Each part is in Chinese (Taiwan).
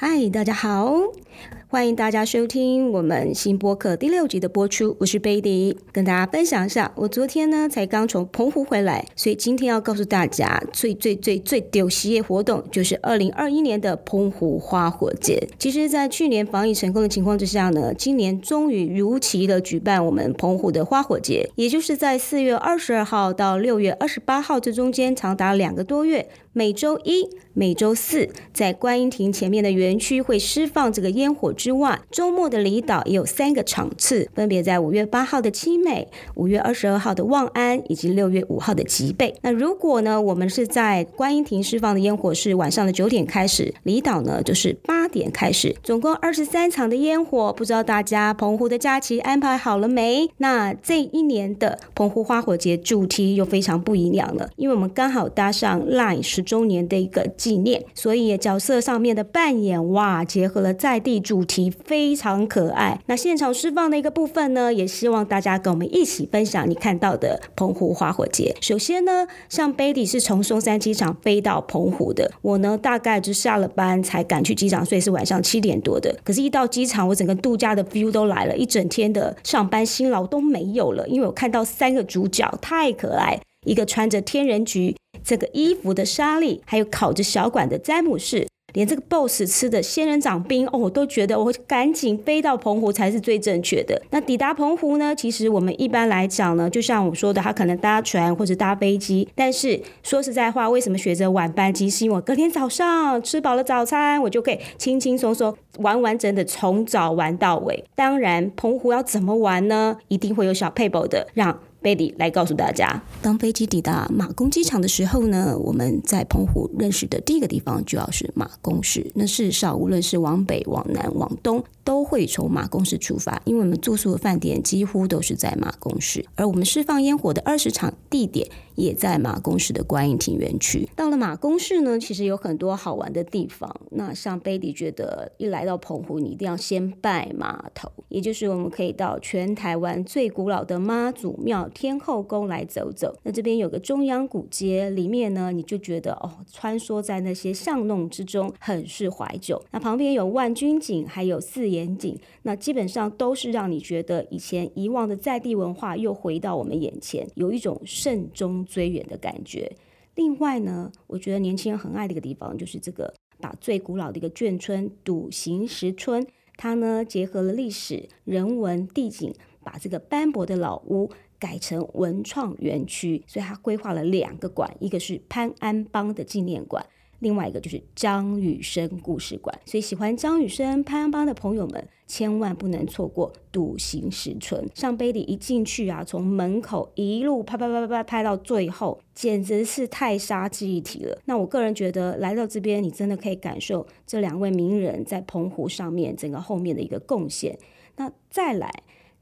嗨，大家好。歡迎大家收聽我們新播客第六集的播出，我是 Betty，跟大家分享一下，我昨天呢才剛從澎湖回來，所以今天要告訴大家最最最最丟喜的活動就是二零二一年的澎湖花火節。其實，在去年防疫成功的情況之下呢，今年終於如期的舉辦我們澎湖的花火節，也就是在四月二十二號到六月二十八號這中間長達兩個多月，每周一、每周四在觀音亭前面的園區會釋放這個煙火。之外，週末的離島也有三個場次，分別在五月八號的七美、五月二十二號的望安以及六月五號的吉貝。那如果呢，我們是在觀音亭釋放的煙火是晚上的九點開始，離島呢就是八點開始，總共二十三場的煙火。不知道大家澎湖的假期安排好了沒？那這一年的澎湖花火節主題又非常不一樣了，因為我們剛好搭上 LINE 十周年的一個紀念，所以角色上面的扮演哇，結合了在地主。其非常可愛。那現場釋放的一個部分呢，也希望大家跟我們一起分享你看到的澎湖花火節。首先呢，像 Betty 是從松山機場飛到澎湖的，我呢大概就下了班才趕去機場，所以是晚上七點多的。可是，一到機場，我整個度假的 feel 都來了，一整天的上班辛勞都沒有了，因為我看到三個主角太可愛，一個穿着天人菊這個衣服的莎莉，還有烤着小管的詹姆士。連這個 boss 吃的仙人掌冰哦，我都覺得我會趕緊飛到澎湖才是最正確的。那抵達澎湖呢？其實我們一般來講呢，就像我說的，他可能搭船或者搭飛機。但是說實在話，為什麼選擇晚班機？是因為我隔天早上吃飽了早餐，我就可以輕輕鬆鬆、完完整整的從早玩到尾。當然，澎湖要怎麼玩呢？一定會有小撇步的讓 Betty 來告訴大家，當飛機抵達馬公機場的時候呢，我們在澎湖認識的第一個地方，主要是馬公市。那事實上無論是往北、往南、往東，都會從馬公市出發，因為我們住宿的飯店幾乎都是在馬公市，而我們釋放煙火的二十場地點也在馬公市的觀音亭園區。到了馬公市呢，其實有很多好玩的地方。那像 Betty 覺得，一來到澎湖，你一定要先拜碼頭，也就是我們可以到全台灣最古老的媽祖廟，天後宮來走走，那這邊有個中央古街，裡面呢，你就覺得哦，穿梭在那些巷弄之中，很是懷舊。那旁邊有萬軍井，還有四眼井，那基本上都是讓你覺得以前遺忘的在地文化又回到我們眼前，有一種慎終追遠的感覺。另外呢，我覺得年輕人很愛的一個地方就是這個把最古老的一個眷村，篤行十村，它呢結合了歷史、人文、地景，把這個斑駁的老屋。改成文創園區，所以他規劃了兩個館，一個是潘安邦的紀念館，另外一個就是張雨生故事館。所以喜歡張雨生、潘安邦的朋友們，千萬不能錯過。篤行十村上碑裡一進去啊，從門口一路拍拍拍拍拍拍到最後，簡直是太殺記憶體了。那我個人覺得，來到這邊，你真的可以感受這兩位名人在澎湖上面整個後面的一個貢獻。那再來。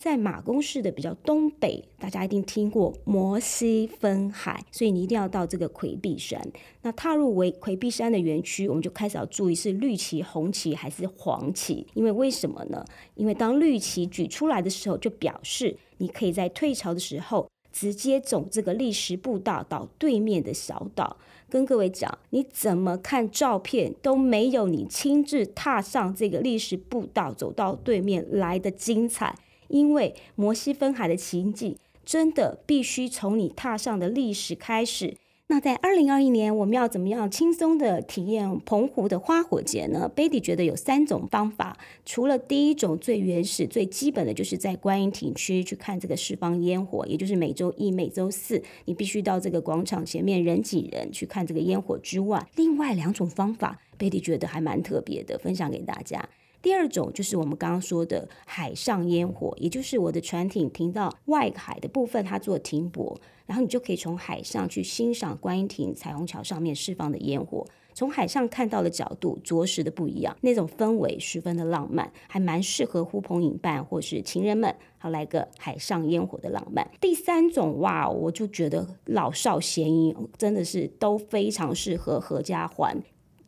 在馬公市的比較東北，大家一定聽過摩西分海，所以你一定要到這個奎壁山。那踏入為奎壁山的園區，我們就開始要注意是綠旗、紅旗還是黃旗，因為為什麼呢？因為當綠旗舉出來的時候，就表示你可以在退潮的時候直接走這個歷史步道到對面的小島。跟各位講，你怎麼看照片都沒有你親自踏上這個歷史步道走到對面來得精彩。因為摩西分海的情景真的必須從你踏上的歷史開始。那在二零二一年，我們要怎麼樣輕鬆的體驗澎湖的花火節呢？貝蒂覺得有三種方法。除了第一種最原始、最基本的就是在觀音亭區去看這個施放煙火，也就是每周一、每周四，你必須到這個廣場前面人擠人去看這個煙火之外，另外兩種方法，貝蒂覺得還蠻特別的，分享給大家。第二種就是我們剛剛說的海上煙火，也就是我的船艇停到外海的部分，它做停泊，然後你就可以從海上去欣賞觀音亭、彩虹橋上面釋放的煙火，從海上看到的角度着實的不一樣，那種氛圍十分的浪漫，還蠻適合呼朋引伴或是情人們，好來個海上煙火的浪漫。第三種哇，我就覺得老少咸宜，真的是都非常適合合家歡。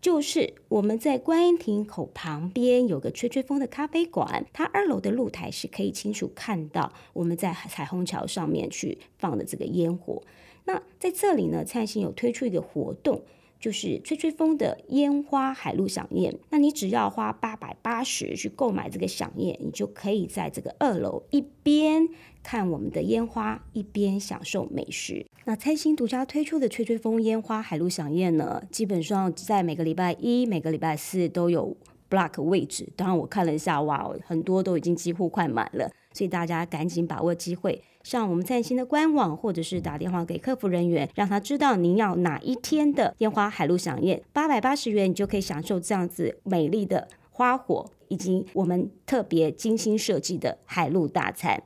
就是我們在觀音亭口旁邊有個吹吹風的咖啡館，它二樓的露台是可以清楚看到我們在彩虹橋上面去放的這個煙火。那在這裡呢，燦星有推出一個活動，就是吹吹風的煙花海陸饗宴，那你只要花八。八十去購買這個饗宴，你就可以在這個二樓一邊看我們的煙花，一邊享受美食。那燦星獨家推出的吹吹風煙花海陸饗宴呢，基本上在每個禮拜一、每個禮拜四都有 block 位置。當然，我看了一下，哇，很多都已經幾乎快滿了，所以大家趕緊把握機會，上我們燦星的官網，或者是打電話給客服人員，讓他知道您要哪一天的煙花海陸饗宴。八百八十元，你就可以享受這樣子美麗的。花火以及我們特別精心設計的海陸大餐。